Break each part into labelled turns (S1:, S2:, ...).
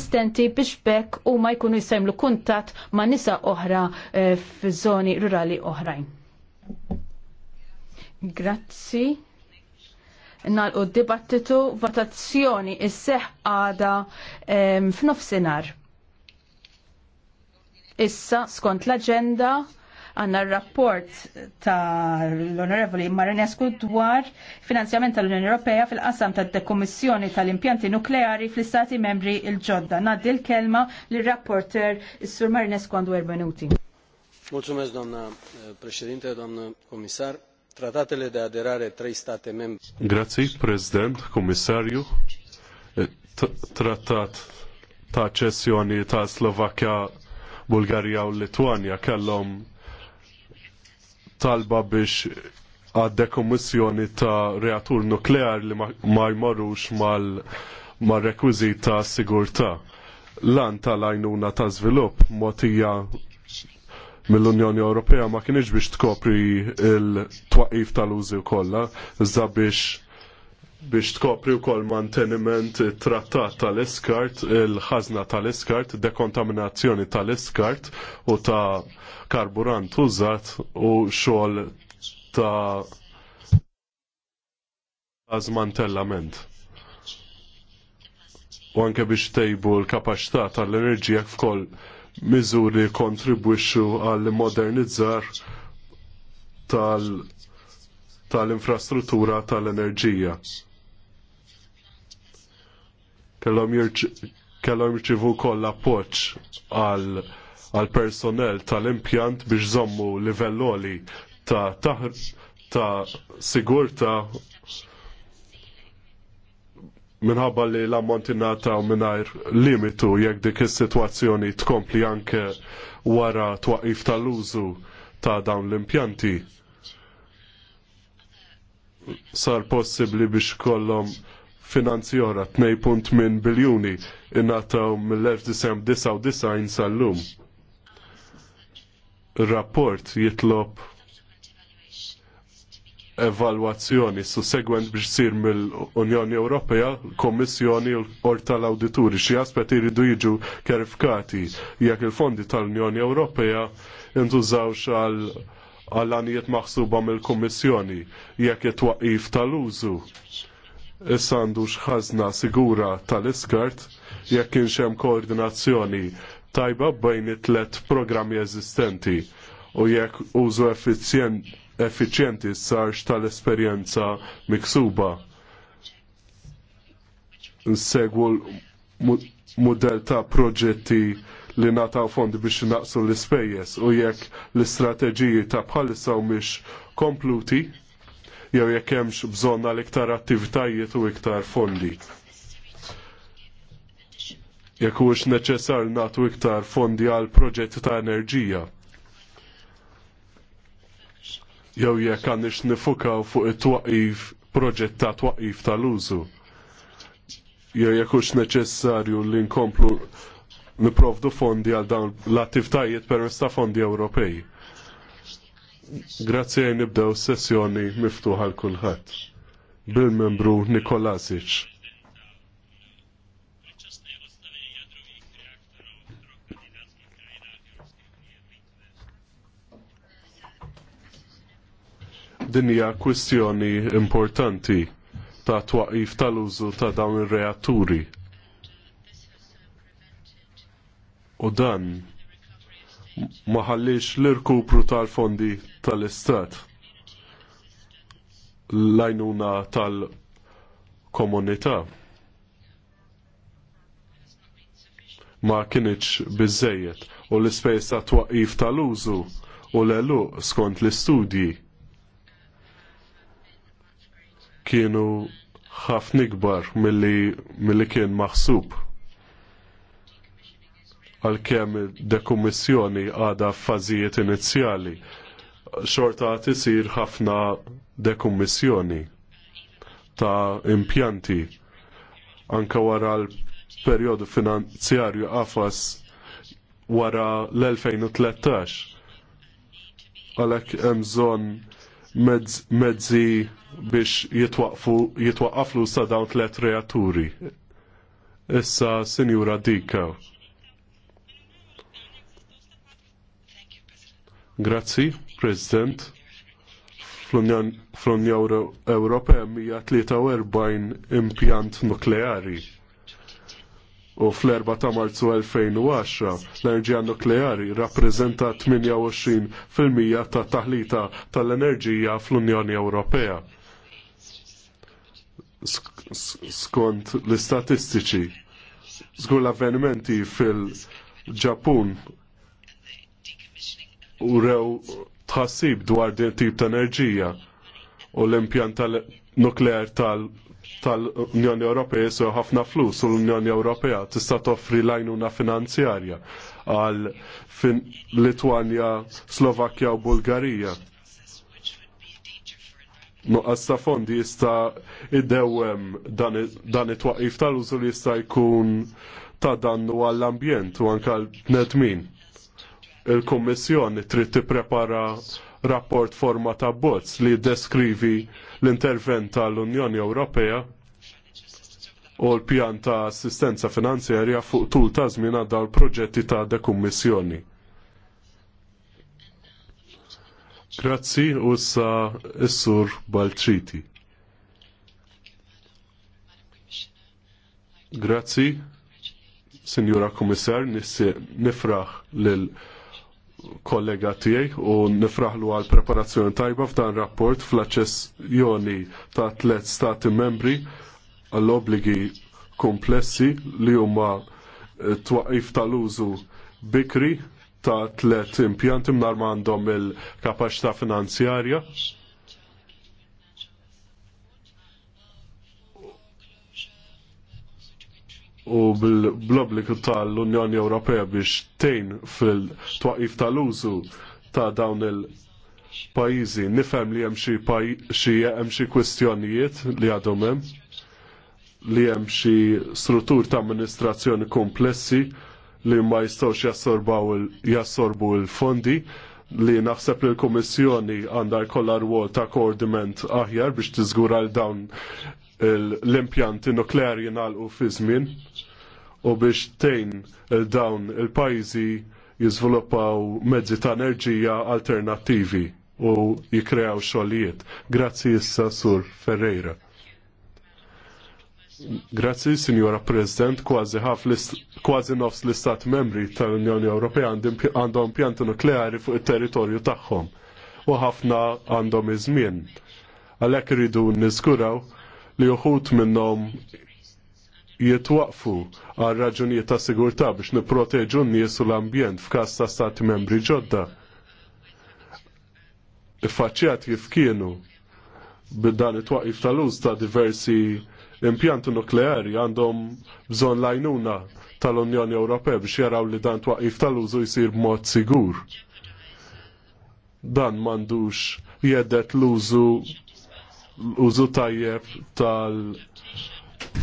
S1: persistenti biex bekk u ma jkunu jsemlu kuntat ma nisa oħra eh, f'żoni rurali oħrajn. Grazzi. Nalqu dibattitu votazzjoni is-seħ għada eh, f'nofsinhar. Issa skont l agenda għanna rapport ta' l-Onorevoli Marinescu dwar finanzjament tal-Unjoni Ewropea fil-qasam ta' dekommissjoni tal-impjanti nukleari fl-Istati membri il-ġodda. Naddi l-kelma l-rapporter Sur Marinescu għandu erbenuti. Mulțumesc, doamna eh, președinte, doamnă comisar. Tratatele de aderare trei state membre.
S2: Grazie, President, Comisariu. Eh, Trattat ta' cesioni ta' Slovakkja Bulgarija u Lituania kellhom talba biex għadde kommissjoni ta' reatur nuklear li ma jmorrux mal ma' rekwizit ta' sigurta. Lan tal-għajnuna ta' zvilup motija mill-Unjoni Ewropea ma kienx biex tkopri il-twaqif tal-użi kollha, iżda biex biex tkopri wkoll manteniment trattat tal-iskart, il ħazna tal-iskart, dekontaminazzjoni tal-iskart u ta' karburant użat u xogħol ta' għazmantellament. U anke biex tejbu l-kapacità tal-enerġija f'koll miżuri kontribwixxu għall modernizzar tal-infrastruttura tal-enerġija kellhom jirċivu koll appoċ għal għal personel tal-impjant biex żommu livelloli ta' taħr ta' sigurta minħabba li l-ammontina ta' minnajr limitu jekk dik is-sitwazzjoni tkompli anke wara twaqif tal-użu ta' dawn l-impjanti sar possibbli biex kollom finanzjora 2.8 biljuni innataw mill-1999 sal-lum. Rapport jitlob evalwazzjoni sussegwent biex sir mill-Unjoni Ewropea, Komissjoni u tal-Awdituri xi aspet iridu jiġu kerifkati jekk il-fondi tal-Unjoni Ewropea intużawx għal għal-għanijiet maħsuba mill komissjoni jekk it-twaqif tal-użu issa għandux xħazna sigura tal-iskart jekk kienx hemm koordinazzjoni tajba bejn it-tlet programmi eżistenti u jekk użu effiċjenti s sarx tal-esperjenza miksuba. Nsegwu l-mudell ta' proġetti li nataw fondi biex naqsu l-ispejjeż u jekk l-istrateġiji ta' bħalissa u mhix kompluti jew jekk hemmx bżonn għal iktar attivitajiet u iktar fondi. Jekk huwiex neċessar nagħtu iktar fondi għal proġetti ta' enerġija. Jew jekk għandix nifukaw fuq it-twaqif proġett ta' twaqif tal-użu. Jew jekk hux neċessarju li nkomplu niprovdu fondi għal dawn l-attivitajiet permezz ta' fondi Ewropej Grazie għaj nibdew sessjoni miftuħa l-kulħat. Bil-membru Nikolasic. Dinja kwistjoni importanti ta' twaqif tal-użu ta' dawn ir-reatturi. U dan ma ħallix l-irkupru tal-fondi tal-istat l-għajnuna tal-komunità ma kienieċ bizzejiet u l-ispejs ta' twaqif tal-użu u l-elu skont l-istudji kienu ħafna ikbar milli, milli kien maħsub għalkemm dekommissjoni għadha f'fażijiet inizjali. Xorta tisir ħafna dekommissjoni ta' impjanti anka wara l-perjodu finanzjarju għafas wara l-2013. Għalhekk hemm bżonn mezzi biex jitwaqqaflu sa dawn tliet reaturi. Issa, Sinjura Dikaw. Grazzi, President. fl unjoni Ewropea 143 impjant nukleari u fl-4 ta' marzu 2010 l-enerġija nukleari rappreżenta 28% ta' taħlita tal-enerġija fl-Unjoni Ewropea. Skont l-istatistiċi, zgur l-avvenimenti fil-Ġapun u rew tħassib dwar din tip ta' enerġija u l-impjant tal-nuklear tal-Unjoni Ewropea jisu ħafna flus u l-Unjoni Ewropea tista' toffri lajnuna finanzjarja għal Litwanja, Slovakkja u Bulgarija. Nuqqas ta' fondi jista' id-dewem dan it-twaqif tal-użu li jista' jkun ta' dannu għall-ambjent u anke għall-nedmin il-Kummissjoni trid tipprepara rapport forma ta' bozz li deskrivi l-intervent tal-Unjoni Ewropea u l-pjan ta' assistenza finanzjarja fuq tul ta' żmien dawn il proġetti ta' dekummissjoni. Grazzi u sa' Issur Baltriti. Grazzi, Sinjura Komissar, nifraħ lil kollega tiegħi u nifraħlu għal preparazzjoni tajba f'dan rapport fl-aċċessjoni ta' tliet stati membri għall obbligi komplessi li huma eh, twaqif tal-użu bikri ta' tliet impjanti ma għandhom il-kapaċità finanzjarja u bil-obbligu tal-Unjoni Ewropea biex tejn fil-twaqif tal-użu ta' dawn il-pajizi. Nifhem li hemm xi hemm xi kwistjonijiet li għadhom hemm li hemm xi struttur ta' amministrazzjoni komplessi li ma jistgħux jassorbu l-fondi li naħseb il l-Komissjoni għandha jkollha rwol ta' koordiment aħjar biex tiżgura l dawn l-impjanti nukleari jingħalqu fi żmien u biex tejn eh, dawn il-pajjiżi jiżviluppaw mezzi ta' enerġija alternattivi u jikreaw xogħlijiet. Grazzi issa Sur Ferreira. Grazzi, Signora President, kważi kważi nofs l-Istat membri tal-Unjoni Ewropea għandhom pjanti nukleari fuq it-territorju tagħhom u ħafna għandhom iż-żmien. Għalhekk iridu niżguraw li uħut minnom jitwaqfu għal raġunijiet ta' sigurtà biex nipproteġu n-nies u l-ambjent f'każ ta' stati membri ġodda. Iffaċċjat kif kienu bid-dan it-twaqif tal-uż ta' diversi impjanti nukleari għandhom bżonn lajnuna tal-Unjoni Ewropea biex jaraw li dan twaqif tal-użu jsir b'mod sigur. Dan m'għandux jedet l-użu użu tajjeb tal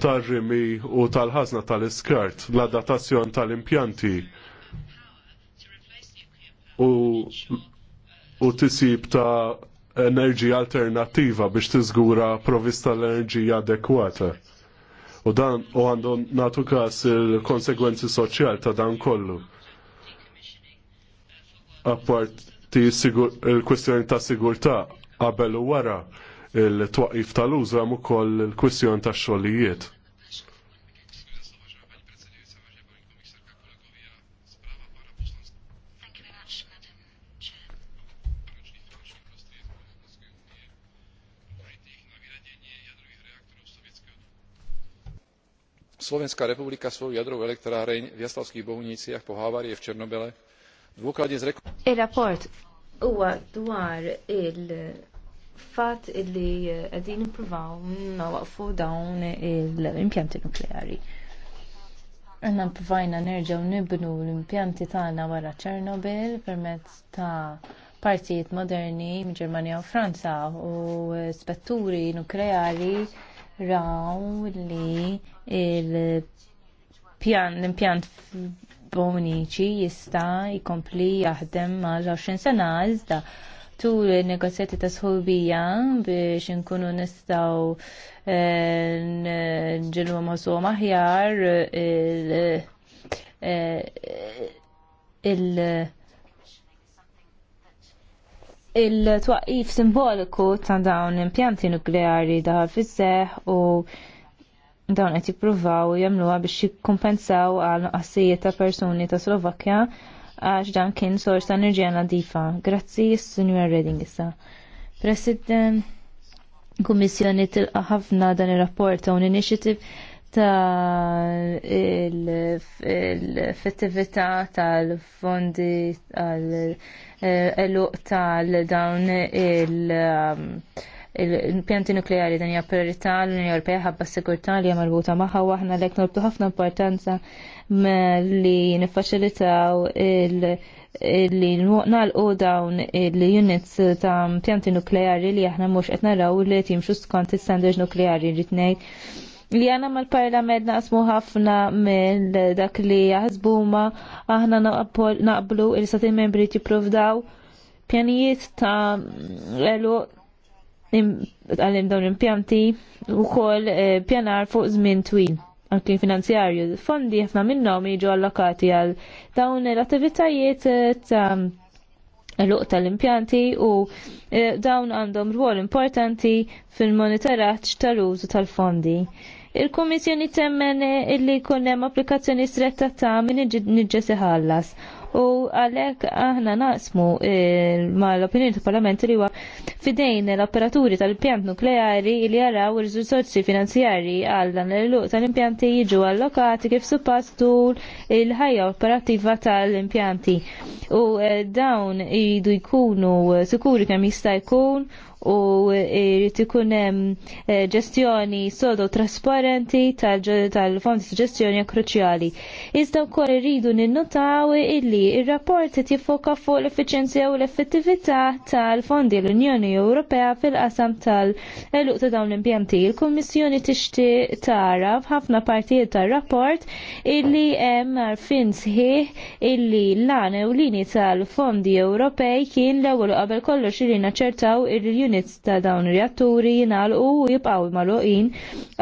S2: tar-rimi u tal-ħazna tal-iskart, l adattazzjon tal-impjanti u, u tisib ta' enerġija alternativa biex tiżgura provista l-enerġija adekwata. U dan u għandu natu kas il-konsegwenzi soċjal ta' dan kollu. Apparti il-kwestjoni ta' sigurta' qabel u wara il-twaqif tal-użu mu ukoll il-kwistjon ta' xogħlijiet slovenská republika svoju jadrovú elektráreň v jaslovských bohuniciach po havárii v Černobele dôkladne zrekonštruovala.
S1: ir-rapport huwa dwar il fatt illi eh, qegħdin nippruvaw nawaqfu dawn l-impjanti nukleari. Għanna provajna nerġaw nibnu l-impjanti tagħna wara Ċernobil permezz ta' partijiet moderni minn Ġermanja u Franza u spetturi nukleari raw li l-impjant Bonici jista' jkompli jaħdem ma' 20 sena iżda tul il-negozjati ta' sħobija biex nkunu nistaw eh, ma' maħsu maħjar eh, il- il-twaqif simboliku ta' dawn impjanti nukleari daħal fis u dawn qed jippruvaw jagħmluha biex jikkumpensaw għal nuqqasijiet ta' persuni ta' Slovakkja għax dan kien sors ta' enerġija nadifa. Grazzi, Sinjor Redding issa. President, Kummissjoni tilqa ħafna dan ir-rapport ta' un initiative ta' il effettività tal-fondi tal-eluq tal-dawn il- um, il-pjanti nukleari dan hija priorità l-Unjoni Ewropea ħabba s-sigurtà li hija marbuta magħha u aħna lek nortu ħafna importanza li niffaċilitaw il- li nalqu dawn il-units ta' pjanti nukleari li aħna mhux qed naraw li qed jimxu skont is-standards nukleari rrid ngħid li għana mal-parlament naqsmu ħafna mill dak li jahzbuma aħna naqblu il-satin membri ti provdaw pjanijiet ta' elu għalim dawn impjanti u kol eh, pjanar fuq żmien twil anki finanzjarju. Fondi ħafna minnhom jiġu allokati għal dawn l-attivitajiet eh, ta' l uqta tal-impjanti u eh, dawn għandhom rwol importanti fil-monitoraġġ tal-użu tal-fondi. Il-Komissjoni temmen illi jkun hemm applikazzjoni stretta ta' min niġġesi ħallas u għalhekk aħna naqsmu eh, mal opinjoni tal-Parlament li huwa fidejn l-operaturi tal-impjant nukleari li jaraw il-rizorsi finanzjarji għal dan l-luq tal-impjanti jiġu allokati kif suppastu il-ħajja operattiva tal-impjanti. U eh, dawn jridu jkunu eh, sikuri kemm jista' jkun u jrid ikun hemm eh, ġestjoni sodo trasparenti tal-fondi ta' ġestjoni kruċjali. Iżda wkoll irridu ninnotaw illi ir-rapport qed jiffoka fuq l-effiċenzja u l-effettività tal-fondi l-Unjoni Ewropea fil-qasam tal-eluq ta' dawn l-impjanti. Il-Kummissjoni tixtieq tara f'ħafna partijiet tar-rapport illi hemm għarfien sħiħ illi l-għan ewlini tal-fondi Ewropej kien l-ewwel qabel kollox irina ċertaw il l-units ta' dawn reatturi jingħalqu u jibqaw magħluqin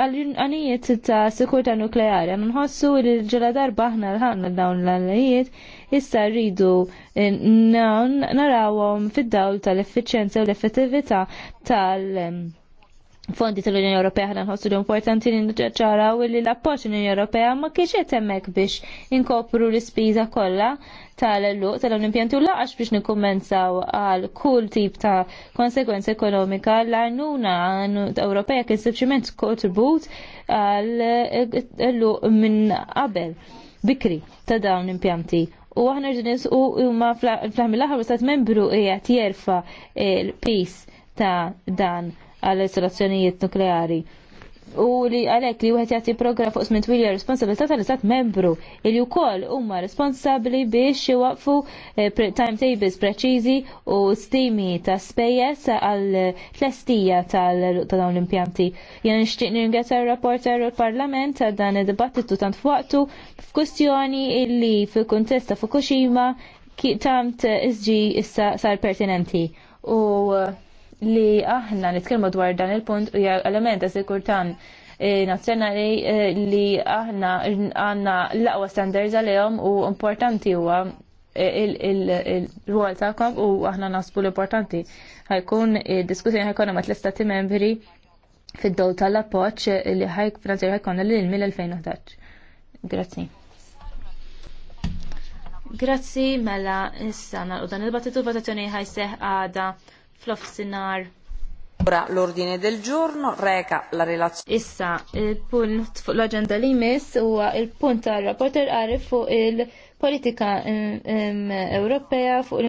S1: għal-anijiet ta' sikurta nukleari. Għan nħossu li l-ġela aħna l-ħanna dawn l-anijiet issa rridu eh, narawhom fid-dawl tal-effiċenza u l-effettività tal- fondi tal-Unjoni Ewropea ħna nħossu importanti li ċaraw li l appoċ l-Unjoni Ewropea ma kienx qed hemmhekk biex inkopru l-ispiża kollha tal-luq tal impjanti u laqax biex nikkumenzaw għal kull tip ta' konsekwenza ekonomika l-għajnuna Ewropea kien sempliment kontribut għal luq minn qabel bikri ta' dawn l-impjanti u aħna ġenis u ma fl-ħamil l-ħar membru qiegħed jerfa' il pis ta' dan għall-installazzjonijiet nukleari u li għalek li wieħed jagħti program fuq smin twilja responsabilità tal-istat membru li wkoll huma responsabbli biex iwaqfu eh, timetables preċiżi u stimi ta' spejjeż għal tlestija tal dawn l-impjanti. Jien nixtieq nirringrazzja r-rapporter u l-Parlament għal dan id-dibattitu tant fuqtu f'kwistjoni illi fil-kuntest ta' Fukushima tant isġi issa sar pertinenti. U li aħna nitkellmu dwar dan il-punt u element ta' sikurtan eh, nazzjonali eh, li aħna għanna l-aqwa standards għalihom u importanti huwa eh, il-rwol tagħkom u aħna nasbu l-importanti ħajkun diskussjoni ħajkonna ma l-istati membri fid-dol tal-appoċ li ħajk finanzjari ħajkonna l-ilmi l-2011. Grazzi. Grazzi mela issa nalqu dan il-battitu votazzjoni ħajseħ għada fl-ofsinar. Ora l-ordine del giorno reka la relazione. Issa, il-punt fuq l-agenda li mis huwa il-punt tar-rapporter għarif fuq il-politika eh, Ewropea fuq